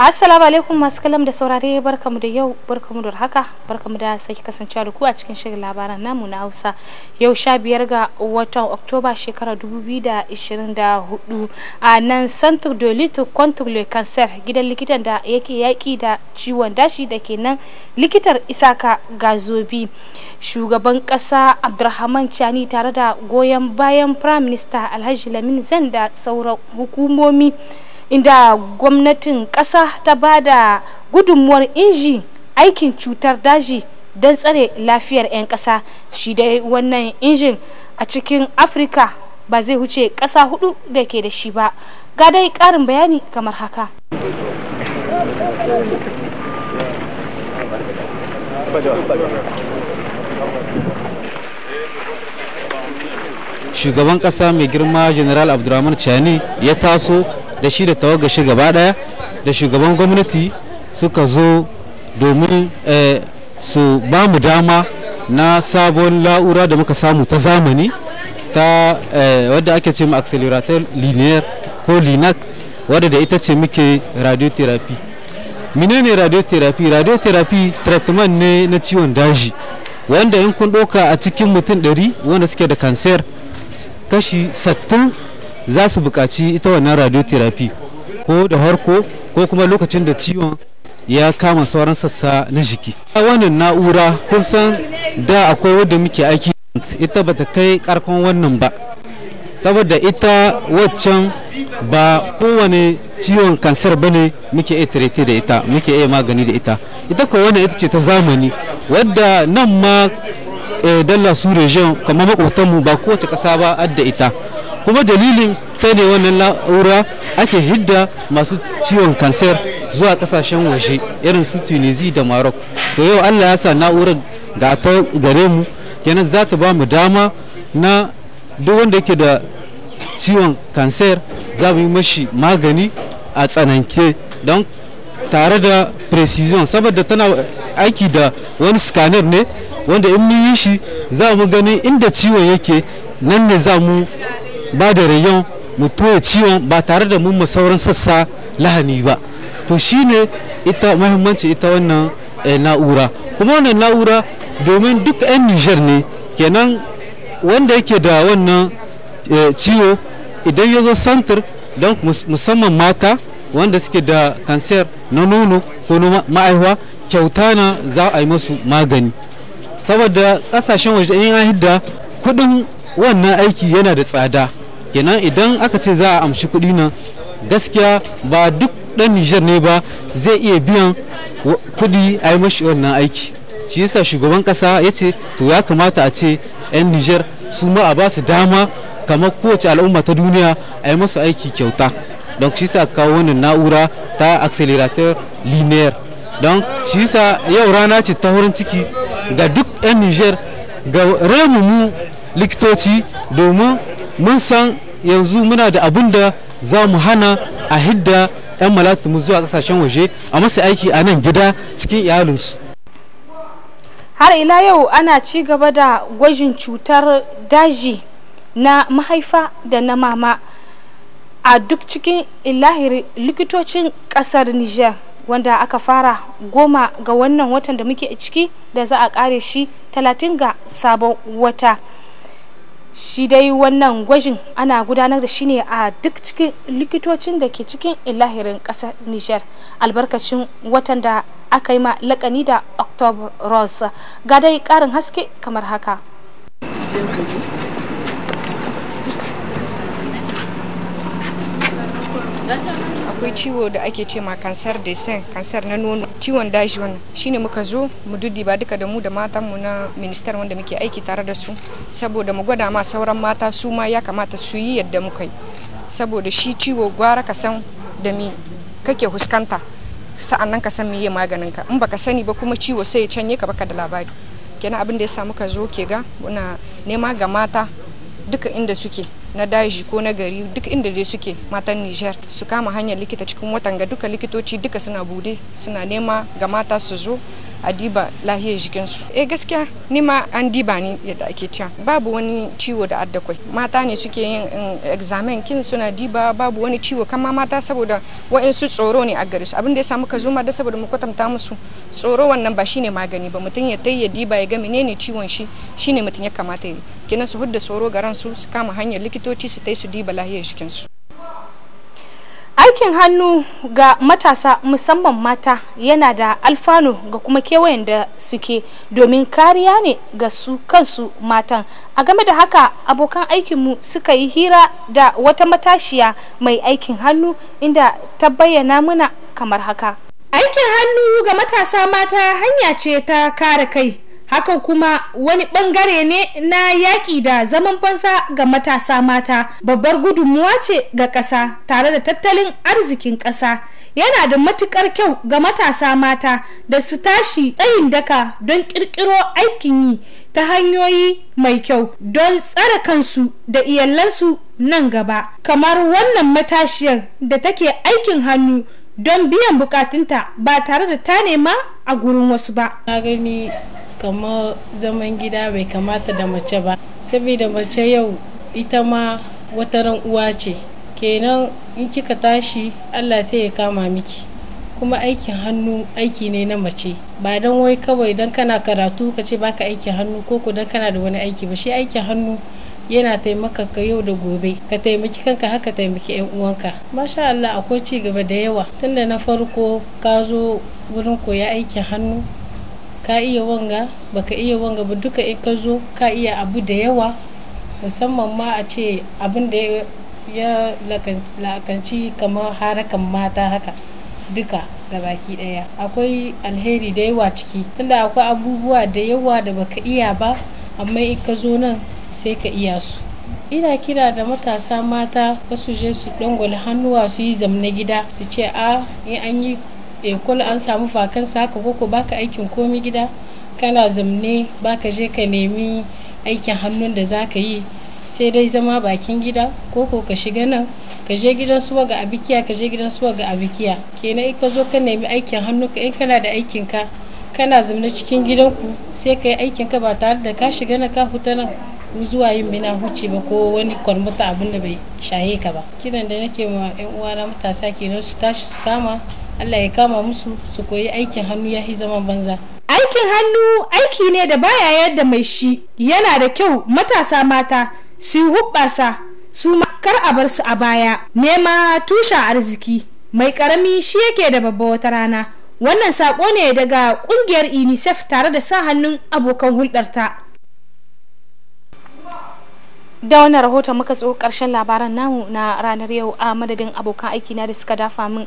Assalamu alaikum masu kalam da saurare barkamu da yau barkamu da haka barkamu da sake kasancewa da ku a cikin shirin labaran namu na Hausa yau sha biyar ga watan Oktoba shekarar 2024 a nan santur de Lutte contre le Cancer gidan likitan da yake yaki da ciwon dashi da ke nan likitar Isaka Gazobi shugaban kasa abdurrahman Chani tare da goyon bayan Prime Minister Alhaji Lamin Zan da sauran hukumomi inda gwamnatin ƙasa ta ba da gudunmuwar inji aikin cutar daji don tsare lafiyar 'yan ƙasa shi dai wannan injin a cikin afirka ba zai huce ƙasa hudu da ke da shi ba ga dai ƙarin bayani kamar haka shugaban ƙasa mai girma general abdulrahman chani ya taso da shi da tawaga shi gaba daya da shugaban gwamnati suka zo domin eh, su ba mu dama na sabon la'ura da muka samu ta zamani ta eh, wadda ake ce ma accelerator linear ko linac wadda da ita ce muke radiotherapy menene radiotherapy radiotherapy treatment ne na ciwon daji wanda in kun ɗauka a cikin mutum 100 wanda suke da kanser kashi 60 za su buƙaci ita wannan radiotherapy ko da harko ko kuma lokacin da ciwon ya kama sauran sassa na jiki wannan na'ura kun san da akwai wadda muke aiki ita bata kai karkon wannan ba saboda ita waccan ba kowane ciwon kansar ne muke iya tirete da ita muke iya magani da ita ita ko wannan ita ce ta zamani wadda nan ma eh, dalla su region kamar makwabtanmu ba kowace ƙasa ba adda ita kuma dalilin ta ne wannan na'ura ake hidda masu ciwon kansar zuwa kasashen waje irin su tunisi da maroc to yau allah ya sa na'urar ga ta gare mu kenan za ta ba mu dama na duk wanda yake da ciwon kansar za mu yi mashi magani a tsananke don tare da precision saboda tana aiki da wani scanner ne wanda in mun yi shi za mu gani inda ciwon yake nan ne za mu ba da rayon mu toye ciwon ba tare da mun sauran sassa lahani ba to shine ita mahimmanci ita wannan eh, na'ura kuma wannan na'ura domin duk 'yan nijar ne kenan wanda yake da wannan eh, ciwo idan ya zo santir don musamman mata wanda suke da kansar na nono ko na ma'aihuwa kyauta na za a yi masu magani saboda kasashen waje in hidda kudin wannan aiki yana da tsada kenan idan aka ce za a amshi kuɗi nan gaskiya ba duk ɗan nijar ne ba zai iya biyan kuɗi a yi mashi wannan aiki shi yasa shugaban ƙasa ya ce to ya kamata a ce 'yan nijar su ma a ba su dama kamar kowace al'umma ta duniya a yi masu aiki kyauta don shi sa kawo wannan na'ura ta accelerator linear don shi sa yau rana ce ta wurin ciki ga duk 'yan nijar ga mu likitoci domin mun san yanzu muna da abin da za mu hana a hidda 'yan mu zuwa kasashen waje a masa aiki a nan gida cikin iyalinsu har ila yau ana ci gaba da gwajin cutar daji na mahaifa da na mama a duk cikin ilahir likitocin kasar niger wanda aka fara goma ga wannan watan da muke ciki da za a kare shi 30 ga sabon wata shi dai wannan gwajin ana gudanar da shi ne a duk cikin likitocin da ke cikin ilahirin ƙasar niger albarkacin watan da aka yi ma lakani da october rose ga dai ƙarin haske kamar haka akwai ciwo da ake ce ma kansar de sen kansar na nono ciwon daji wannan shine muka zo mu ba duka da mu da matan mu na ministar wanda muke aiki tare da su saboda mu gwada ma sauran mata su ma ya kamata su yi yadda muka yi saboda shi ciwo gwara ka san da mi kake huskanta sa'annan ka san miye maganin ka in baka sani ba kuma ciwo sai ya canye ka baka da labari kenan abin da ya sa ka zo ke ga muna nema ga mata duka inda suke na daji ko na gari duk inda dai suke matan Niger su kama hanyar likita cikin watan ga duka likitoci duka suna bude suna nema ga mata su zo a diba lahiyar jikinsu eh gaskiya ni ma an diba ni yadda ake cewa babu wani ciwo da addakwai mata ne suke yin examen kin suna diba babu wani ciwo kama mata saboda wa'insu tsoro ne a gare su abin ya samu ka zo ma da saboda mu kwatanta musu tsoro wannan ba shine magani ba mutum ya tayya diba ya ga menene ciwon shi shine mutum ya kamata ya kina su hudda tsoro garan su su kama hanyar likitoci su tai su diba lahiyar jikinsu aikin hannu ga matasa musamman mata yana da alfanu ga kuma kewayen da suke domin kariya ne ga su kansu matan a game da haka abokan aikinmu suka yi hira da wata matashiya mai aikin hannu inda ta bayyana muna kamar haka aikin hannu ga matasa mata hanya ce ta kare kai hakan kuma wani bangare ne na yaƙi da zaman fansa ga matasa mata babbar gudunmuwa ce ga ƙasa tare da tattalin arzikin ƙasa yana da matukar kyau ga matasa mata da su tashi tsayin daka don ƙirƙiro aikin yi ta hanyoyi mai kyau don tsare kansu da iyalansu nan gaba kamar wannan matashiyar da take aikin hannu don biyan bukatunta ba tare da ta nema a gurin wasu ba. Na gani kamar zaman gida bai kamata da mace ba saboda mace yau ita ma wata ran uwa ce kenan in kika tashi allah sai ya kama miki kuma aikin hannu aiki ne na mace ba don wai kawai don kana karatu ka ce baka aikin hannu ko ku don kana da wani aiki ba shi aikin hannu yana taimaka ka yau da gobe ka taimaki kanka haka taimaki yan uwanka masha Allah akwai ci gaba da yawa tunda na farko ka zo wurin koya aikin hannu ka iya wanga baka iya wanga ba duka in ka zo ka iya abu da yawa musamman ma a ce abin da ya lakanci kamar harakan mata haka duka baki daya akwai alheri da yawa ciki tunda akwai abubuwa da yawa da baka iya ba amma in ka zo nan sai ka iya su ina kira da matasa mata wasu je su dangwale hannuwa su yi zamna gida su ce a ah, in an yi ekol eh, an samu vakansa haka koko baka aikin komi gida kana zamne baka je ka nemi aikin hannun da za ka yi sai dai zama bakin gida koko ka shiga nan ka je gidan suwa ga abikiya ka je gidan suwa ga abikiya kenan ka zo ka nemi aikin hannu ka in kana da aikin ka kana zamne cikin gidanku sai ka yi aikin ka ba tare da ka shiga nan ka huta nan zuwa yin bina huce ba ko wani kwarmuta abin da bai shaye ka ba kiran da nake ma yan uwana matasa kenan su tashi su kama Allah ya kama musu su koyi aikin hannu ya yi zaman banza. Aikin hannu aiki ne da baya yadda mai shi yana da kyau matasa mata su yi hubbasa su kar a bar su a baya nema tushen arziki mai karami shi yake da babba wata rana wannan saƙo ne daga ƙungiyar unicef tare da sa hannun abokan hulɗarta. da wannan rahoton muka tso ƙarshen labaran namu na ranar yau a madadin abokan aiki na da suka dafa min